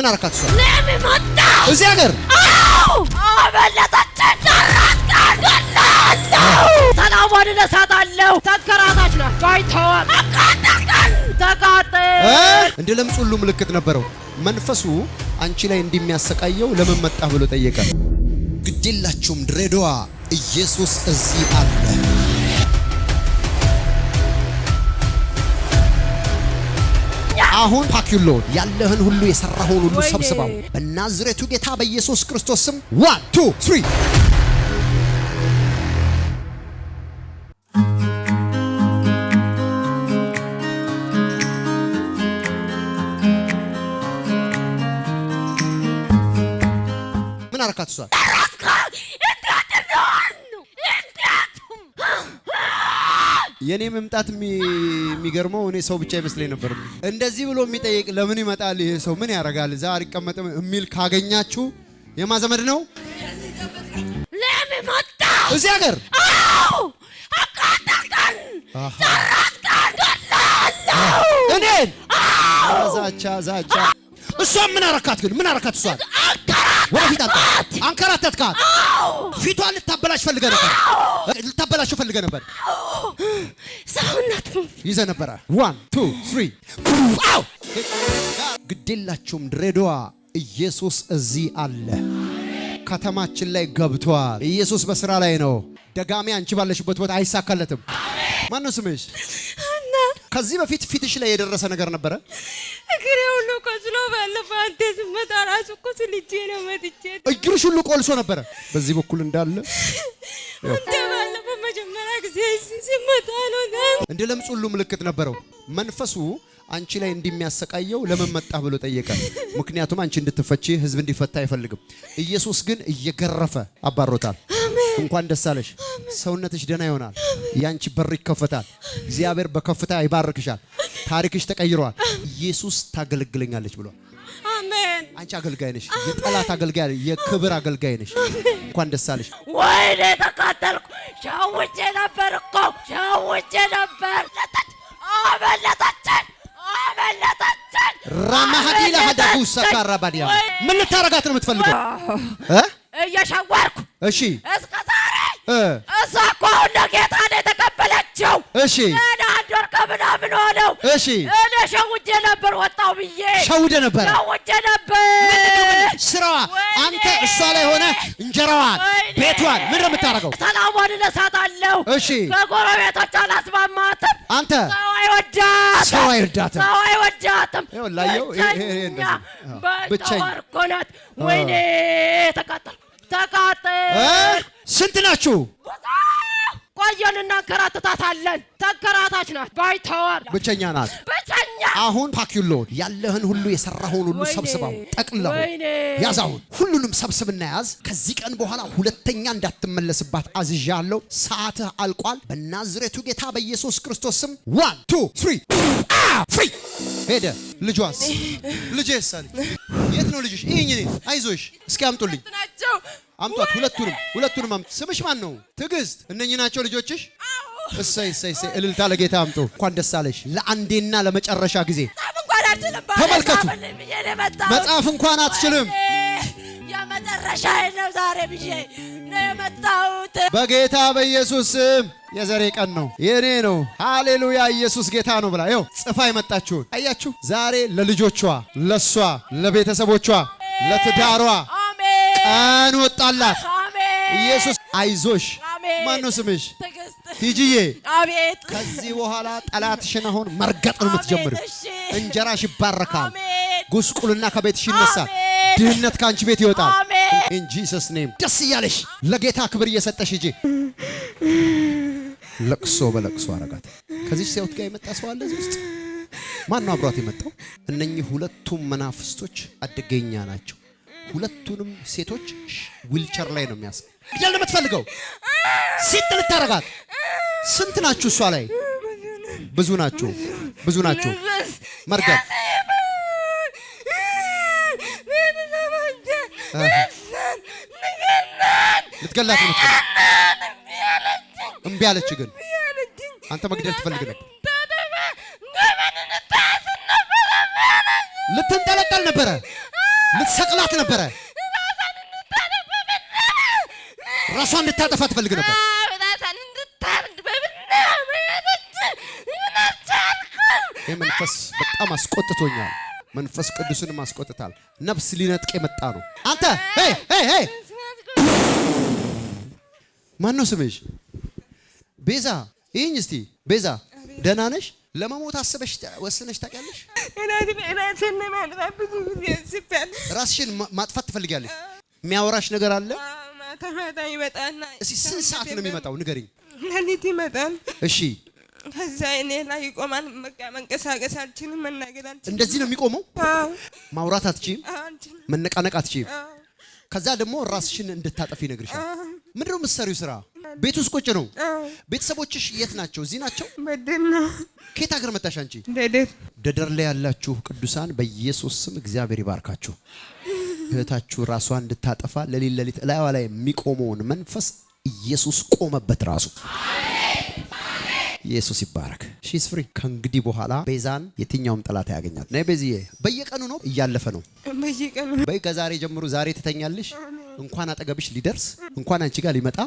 ምን አረካት? እሷ እዚህ ሀገር ሰላሟን እነሳታለሁ። ተንከራታች ናቸው አይተዋል። ተቃጠል። እንደ ለምጽ ሁሉ ምልክት ነበረው። መንፈሱ አንቺ ላይ እንደሚያሰቃየው ለምን መጣ ብሎ ጠየቀ። ግድላችሁም ድሬዳዋ፣ ኢየሱስ እዚህ አለ። አሁን ፓኪሎን ያለህን ሁሉ የሰራኸውን ሁሉ ሰብስበው በናዝሬቱ ጌታ በኢየሱስ ክርስቶስ ስም ዋን ቱ ትሪ ምን አረካት እሷ የኔ መምጣት የሚገርመው እኔ ሰው ብቻ ይመስለኝ ነበር። እንደዚህ ብሎ የሚጠይቅ ለምን ይመጣል ይሄ ሰው ምን ያደርጋል ዛሬ አልቀመጥም የሚል ካገኛችሁ የማዘመድ ነው። ለምን መጣ እዚህ ሀገር እኔን ዛቻ ዛቻ። እሷን ምን አረካት ግን ምን አረካት እሷን ወደፊት አጣ አንከራተትካት። ፊቷን ልታበላሽ ፈልገ ነበር፣ ልታበላሽ ፈልገ ነበር። ሰውነት ይዘ ነበረ። ዋን ቱ ስሪ አው ግዴላችሁም። ድሬዳዋ ኢየሱስ እዚህ አለ። ከተማችን ላይ ገብቷል። ኢየሱስ በስራ ላይ ነው። ደጋሚ አንቺ ባለሽበት ቦታ አይሳካለትም። ማነው ስምሽ? ከዚህ በፊት ፊትሽ ላይ የደረሰ ነገር ነበረ ቆስሎ ባለፈ አንተ ስመጣ ራሱ እኮ ስልጄ ነው መጥቼ እግርሽ ሁሉ ቆልሶ ነበረ በዚህ በኩል እንዳለ አንተ ባለፈ መጀመሪያ ጊዜ ስመጣ ነው እንደ ለምጽ ሁሉ ምልክት ነበረው መንፈሱ አንቺ ላይ እንደሚያሰቃየው ለምን መጣህ ብሎ ጠየቀ። ምክንያቱም አንቺ እንድትፈቺ ህዝብ እንዲፈታ አይፈልግም። ኢየሱስ ግን እየገረፈ አባሮታል። እንኳን ደስ አለሽ። ሰውነትሽ ደና ይሆናል። ያንቺ በር ይከፈታል። እግዚአብሔር በከፍታ ይባርክሻል። ታሪክሽ ተቀይሯል። ኢየሱስ ታገለግለኛለች ብሏል። አሜን። አንቺ አገልጋይ ነሽ፣ የጠላት አገልጋይ ነሽ፣ የክብር አገልጋይ ነሽ። እንኳን ደስ አለሽ። ወይኔ ተቃጠልኩ። ሸውቼ ነበር እኮ ሸውቼ ነበር። አመለጠችን፣ አመለጠችን። ራማሃዲላ ሀዳቡሳ ካራባዲያ ምን ልታረጋት ነው የምትፈልገው? እየሸወርኩ እሺ። እስከ ዛሬ እሷ እኮ አሁን ጌታ ነው የተቀበለችው። እሺ በቃ ምናምን አለው። እሺ እኔ ሸውጄ ነበር ወጣው ብዬ ሸውደ ነበር ሸውጄ ነበር። ስራዋ አንተ እሷ ላይ ሆነ እንጀራዋን፣ ቤቷን ምን የምታደርገው? ሰላሟን እነሳታለሁ። እሺ ከጎረቤቶች አላስማማትም። አንተ ሰው አይወዳትም፣ ሰው አይወዳትም፣ ሰው አይወዳትም። ይኸውላየው ብቸኛ ወርኮናት። ወይኔ ተቃጠል፣ ተቃጠል። ስንት ናችሁ? ቆየን እናንከራትታታለን። ተንከራታች ናት፣ ባይተዋር ብቸኛ ናት፣ ብቸኛ አሁን ፓኪሎ ያለህን ሁሉ የሰራኸውን ሁሉ ሰብስበው ጠቅልለው ያዛውን ሁሉንም ሰብስብና ያዝ። ከዚህ ቀን በኋላ ሁለተኛ እንዳትመለስባት አዝዣለሁ። ሰዓትህ አልቋል። በናዝሬቱ ጌታ በኢየሱስ ክርስቶስ ስም ዋን ቱ ትሪ ፍሪ ሄደ። ልጇስ ልጄ ሳለች የት ነው ልጅሽ? ይህኝ አይዞሽ እስኪ አምጡልኝ አምጧት። ሁለቱንም ሁለቱንም አምጡ። ስምሽ ማን ነው? ትዕግስት። እነኚህ ናቸው ልጆችሽ? እሰይ እሰይ እሰይ። እልልታ ለጌታ አምጡ። እንኳን ደስ አለሽ። ለአንዴና ለመጨረሻ ጊዜ ተመልከቱ። መጽሐፍ እንኳን አትችልም። የመጨረሻ ነው ዛሬ ብዬ ነው የመጣሁት። በጌታ በኢየሱስ ስም የዘሬ ቀን ነው የእኔ ነው። ሃሌሉያ ኢየሱስ ጌታ ነው ብላ ይኸው ጽፋ የመጣችሁን አያችሁ። ዛሬ ለልጆቿ ለእሷ፣ ለቤተሰቦቿ፣ ለትዳሯ ቀን ወጣላት። ኢየሱስ አይዞሽ። ማነው ስምሽ? ቲጂዬ። ከዚህ በኋላ ጠላትሽን አሁን መርገጥ ነው የምትጀምሪው። እንጀራሽ ይባረካል። ጉስቁልና ከቤትሽ ይነሳል። ድህነት ከአንቺ ቤት ይወጣል። ኢን ጂሰስ ኔም። ደስ እያለሽ ለጌታ ክብር እየሰጠሽ ሂጂ። ለቅሶ በለቅሶ አረጋት። ከዚህ ሰውት ጋር የመጣ ሰው አለ እዚህ ውስጥ ማን ነው አብሯት የመጣው? እነኚህ ሁለቱም መናፍስቶች አደገኛ ናቸው። ሁለቱንም ሴቶች ዊልቸር ላይ ነው የሚያስ ግደል የምትፈልገው ሲጥ ልታረጋት። ስንት ናችሁ እሷ ላይ? ብዙ ናችሁ፣ ብዙ ናችሁ። መርገም ልትገላት ነው። እምቢ አለች። ግን አንተ መግደል ትፈልግ ነበር። ልትንጠለጠል ነበረ ልትሰቅላት ነበረ። ራሷን እንድታጠፋ ትፈልግ ነበር። ይህ መንፈስ በጣም አስቆጥቶኛል። መንፈስ ቅዱስንም አስቆጥታል። ነፍስ ሊነጥቅ የመጣ ነው። አንተ ማነው ስምሽ? ቤዛ ይህኝ እስቲ ቤዛ፣ ደህና ነሽ? ለመሞት አስበሽ ወስነሽ ታውቂያለሽ? ራስሽን ማጥፋት ትፈልጊያለሽ? የሚያወራሽ ነገር አለ? እስኪ ስንት ሰዓት ነው የሚመጣው? ንገሪኝ። ሌሊት ይመጣል። እሺ። ከዛ እኔ ላይ ይቆማል። መንቀሳቀስ አልችልም፣ መናገር አልችልም። እንደዚህ ነው የሚቆመው። ማውራት አትችይም፣ መነቃነቅ አትችይም። ከዛ ደግሞ ራስሽን እንድታጠፊ ይነግርሻል። ምንድነው የምትሰሪው ስራ? ቤት ውስጥ ቁጭ ነው። ቤተሰቦችሽ የት ናቸው? እዚህ ናቸው። ከየት ሀገር መጣሽ አንቺ? ደደር ላይ ያላችሁ ቅዱሳን በኢየሱስ ስም እግዚአብሔር ይባርካችሁ። እህታችሁ ራሷን እንድታጠፋ ለሊት ለሊት እላይዋ ላይ የሚቆመውን መንፈስ ኢየሱስ ቆመበት ራሱ ኢየሱስ ይባረክ። ሺስ ፍሪ ከእንግዲህ በኋላ ቤዛን የትኛውም ጠላት ያገኛል። ነይ ቤዝዬ፣ በየቀኑ ነው እያለፈ ነው በየቀኑ በይ። ከዛሬ ጀምሮ ዛሬ ትተኛለሽ። እንኳን አጠገብሽ ሊደርስ እንኳን አንቺ ጋር ሊመጣ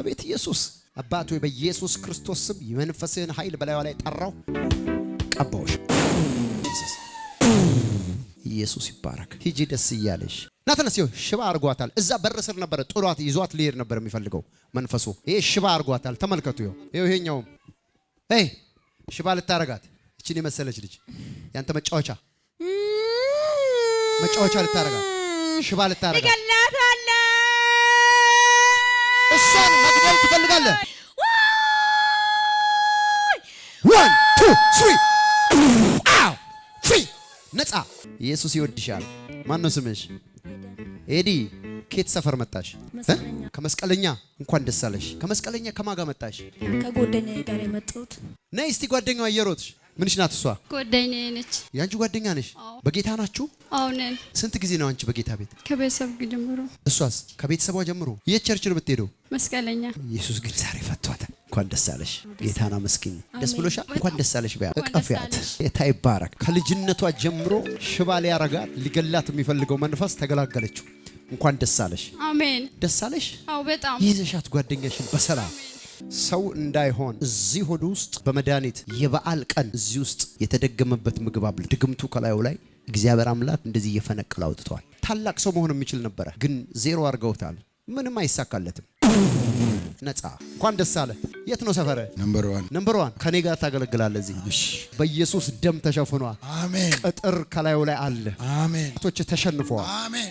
አቤት ኢየሱስ አባቱ በኢየሱስ ክርስቶስ ስም የመንፈስህን ኃይል በላዩ ላይ ጠራው፣ ቀባዎች። ኢየሱስ ይባረክ። ሂጂ ደስ እያለሽ ናትነስ ሲሆ ሽባ አርጓታል። እዛ በር ስር ነበረ ጥሏት ይዟት ሊሄድ ነበር የሚፈልገው መንፈሱ። ይሄ ሽባ አርጓታል። ተመልከቱ። ይኸው ይሄኛውም ይ ሽባ ልታረጋት እችን የመሰለች ልጅ ያንተ መጫወቻ መጫወቻ ልታረጋት ሽባ ልታረጋት እሷን መግደል ትፈልጋለህ? ዋን ቱ ስሪ ነፃ። ኢየሱስ ይወድሻል። ማን ነው ስምሽ? ኤዲ ኬት ሰፈር መጣሽ? ከመስቀለኛ እንኳን ደስ አለሽ። ከመስቀለኛ ከማን ጋር መጣሽ? ከጓደኛዬ ጋር የመጣሁት። ነይ እስቲ ጓደኛዋ እየሮጥሽ ምንሽ ናት እሷ? ጓደኛዬ ነች። የአንቺ ጓደኛ ነሽ? በጌታ ናችሁ? አዎ ነን። ስንት ጊዜ ነው አንቺ በጌታ ቤት? ከቤተሰብ ጀምሮ። እሷስ ከቤተሰቧ ጀምሮ። የት ቸርች ነው የምትሄደው? መስቀለኛ። ኢየሱስ ግን ዛሬ ፈቷታል። እንኳን ደስ አለሽ። ጌታና መስኪን ደስ ብሎሻል። እንኳን ደስ አለሽ። በያ እቀፍያት። ጌታ ይባረክ። ከልጅነቷ ጀምሮ ሽባ ሊያረጋት ሊገላት የሚፈልገው መንፈስ ተገላገለችው። እንኳን ደስ አለሽ። አሜን። ደስ አለሽ። አዎ በጣም ይዘሻት ጓደኛሽን በሰላም ሰው እንዳይሆን እዚህ ሆድ ውስጥ በመድኃኒት የበዓል ቀን እዚህ ውስጥ የተደገመበት ምግብ አብል ድግምቱ ከላዩ ላይ እግዚአብሔር አምላክ እንደዚህ እየፈነቀለ አውጥተዋል። ታላቅ ሰው መሆን የሚችል ነበረ፣ ግን ዜሮ አድርገውታል። ምንም አይሳካለትም። ነጻ እንኳን ደስ አለ። የት ነው ሰፈረ? ነምበር ዋን ነምበር ዋን ከኔ ጋር ታገለግላለ። እዚህ በኢየሱስ ደም ተሸፍኗል። አሜን። ቅጥር ከላዩ ላይ አለ። አሜን። ቶች ተሸንፈዋል። አሜን።